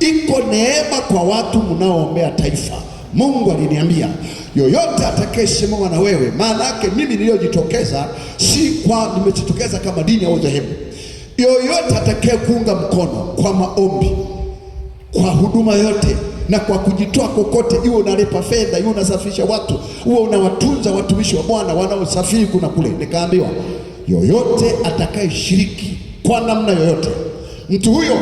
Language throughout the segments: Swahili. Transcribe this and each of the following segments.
iko neema kwa watu mnaoombea taifa. Mungu aliniambia yoyote atakayesimama na wewe, maana yake mimi niliyojitokeza si kwa nimejitokeza kama dini au dhehebu yoyote, atakayekuunga mkono kwa maombi, kwa huduma yote na kwa kujitoa kokote, iwe unalipa fedha, iwe unasafirisha watu, uwe unawatunza watumishi wa Bwana wanaosafiri kuna kule. Nikaambiwa yoyote atakayeshiriki kwa namna yoyote, mtu huyo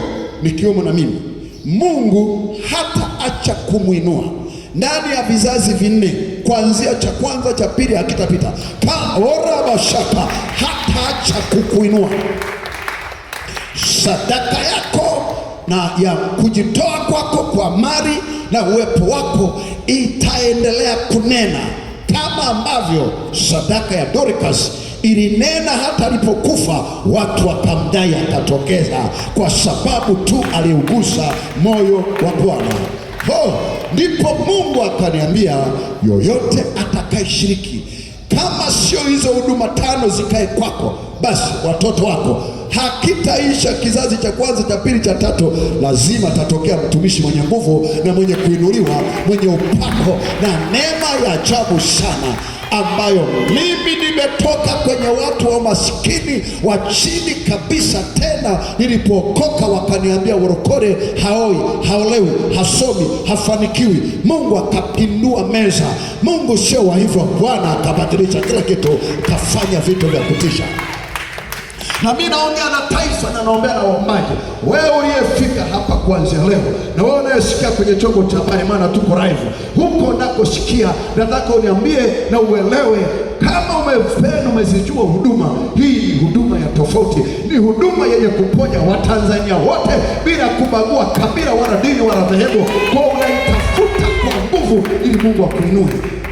nikiwemo na mimi Mungu hata acha kumwinua ndani ya vizazi vinne, kuanzia cha kwanza cha pili hakitapita. hata acha kukuinua. Sadaka yako na ya kujitoa kwako kwa mali na uwepo wako itaendelea kunena kama ambavyo sadaka ya Dorcas ilinena hata alipokufa watu wakamdai atatokeza, kwa sababu tu aliugusa moyo wa Bwana. Ho, ndipo Mungu akaniambia yoyote atakayeshiriki kama sio hizo huduma tano zikae kwako, basi watoto wako hakitaisha kizazi cha kwanza, cha pili, cha tatu. Lazima atatokea mtumishi mwenye nguvu na mwenye kuinuliwa, mwenye upako na neema ya ajabu sana ambayo mimi nimeto kwenye watu wa maskini wa chini kabisa, tena nilipookoka wakaniambia worokore haoi, haolewi, hasomi, hafanikiwi. Mungu akapindua meza. Mungu sio wa hivyo. Bwana akabadilisha kila kitu, kafanya vitu vya kutisha na mimi naongea na taifa na naombea na waombaji. Wewe uliyefika hapa kuanzia leo na wewe unayesikia kwenye chombo cha habari, maana tuko live huko nakosikia, nataka uniambie na uelewe kama umefenu umezijua huduma hii, huduma ya tofauti ni huduma yenye kuponya Watanzania wote bila kubagua kabila wala dini wala dhehebu, kwa unaitafuta kwa nguvu ili Mungu akuinue.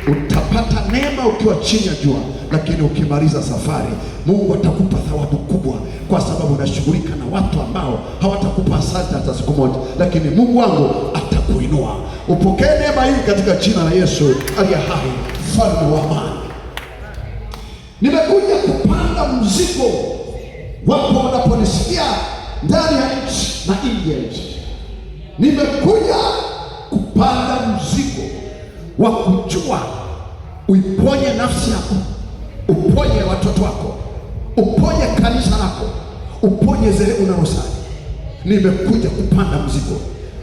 Utapata neema ukiwa chini ya jua lakini ukimaliza safari Mungu atakupa thawabu kubwa, kwa sababu unashughulika na watu ambao hawatakupa asante hata siku moja, lakini Mungu wangu atakuinua. Upokee neema hii katika jina la Yesu aliye hai, mfalme wa amani. Nimekuja kupanda mzigo wapo wanaponisikia ndani ya nchi na nje ya nchi. Nimekuja kupanda mzigo wa kujua uiponye nafsi yako uponye watoto wako, uponye kanisa lako, uponye zile na Nimekuja kupanda mzigo,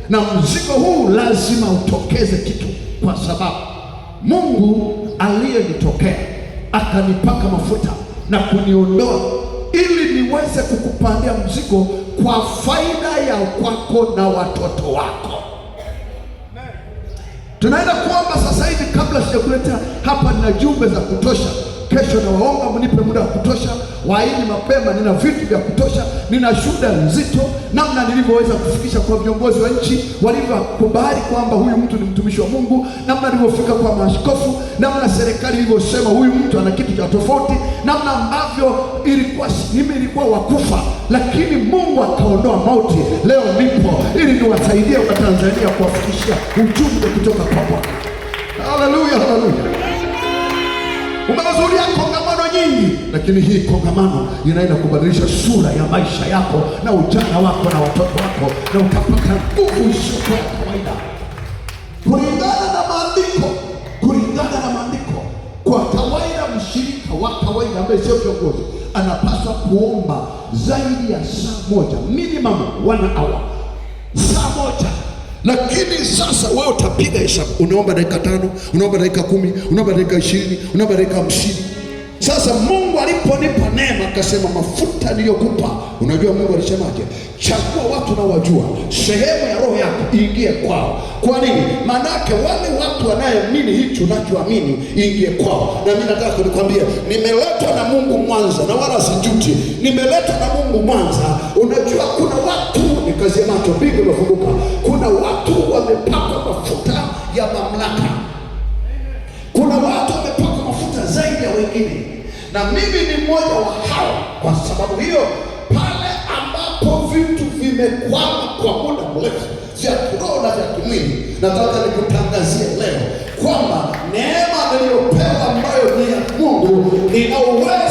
na mzigo huu lazima utokeze kitu, kwa sababu Mungu aliyenitokea akanipaka mafuta na kuniondoa ili niweze kukupandia mzigo kwa faida ya kwako na watoto wako. Tunaenda kuomba sasa hivi. Kabla sijakuleta hapa, nina jumbe za kutosha kesho nawaomba mnipe muda wa kutosha, waidi mapema, nina vitu vya kutosha, nina shuhuda nzito, namna nilivyoweza kufikisha kwa viongozi wa nchi walivyokubali kwamba huyu mtu ni mtumishi wa Mungu, namna nilivyofika kwa maaskofu, namna serikali ilivyosema huyu mtu ana kitu cha tofauti, namna ambavyo ilikuwa mimi ilikuwa wakufa, lakini Mungu akaondoa mauti. Leo nipo ili niwasaidie Watanzania kuwafikishia ujumbe kutoka kwa Bwana. Haleluya, haleluya. Umehudhuria kongamano nyingi, lakini hii kongamano inaenda kubadilisha sura ya maisha yako na ujana wako na watoto wako, na utapata nguvu isiyokuwa ya kawaida kulingana na maandiko, kulingana na maandiko. Kwa kawaida, mshirika wa kawaida ambaye sio viongozi anapaswa kuomba zaidi ya saa moja minimum one hour lakini sasa wewe utapiga hesabu, unaomba dakika tano, unaomba dakika kumi, unaomba dakika ishirini, unaomba dakika hamsini. Sasa Mungu aliponipa neema akasema, mafuta niliyokupa. Unajua Mungu alisemaje? Chagua watu unaowajua, sehemu ya roho yako iingie kwao. Kwa nini? Maanake wale watu wanayeamini hicho unachoamini iingie kwao. Na mimi nataka kunikwambia, nimeletwa na Mungu Mwanza na wala sijuti. Nimeletwa na Mungu Mwanza. Unajua kuna watu nikazia macho, mbingu imefunguka wamepakwa mafuta ya mamlaka. Kuna watu wamepakwa mafuta zaidi ya wengine, na mimi ni mmoja wa hao. Kwa sababu hiyo, pale ambapo vitu vimekwama kwa muda mrefu, vya kiroho na vya kimwili, nataka nikutangazia leo kwamba neema niliyopewa ambayo ni ya Mungu ina uwezo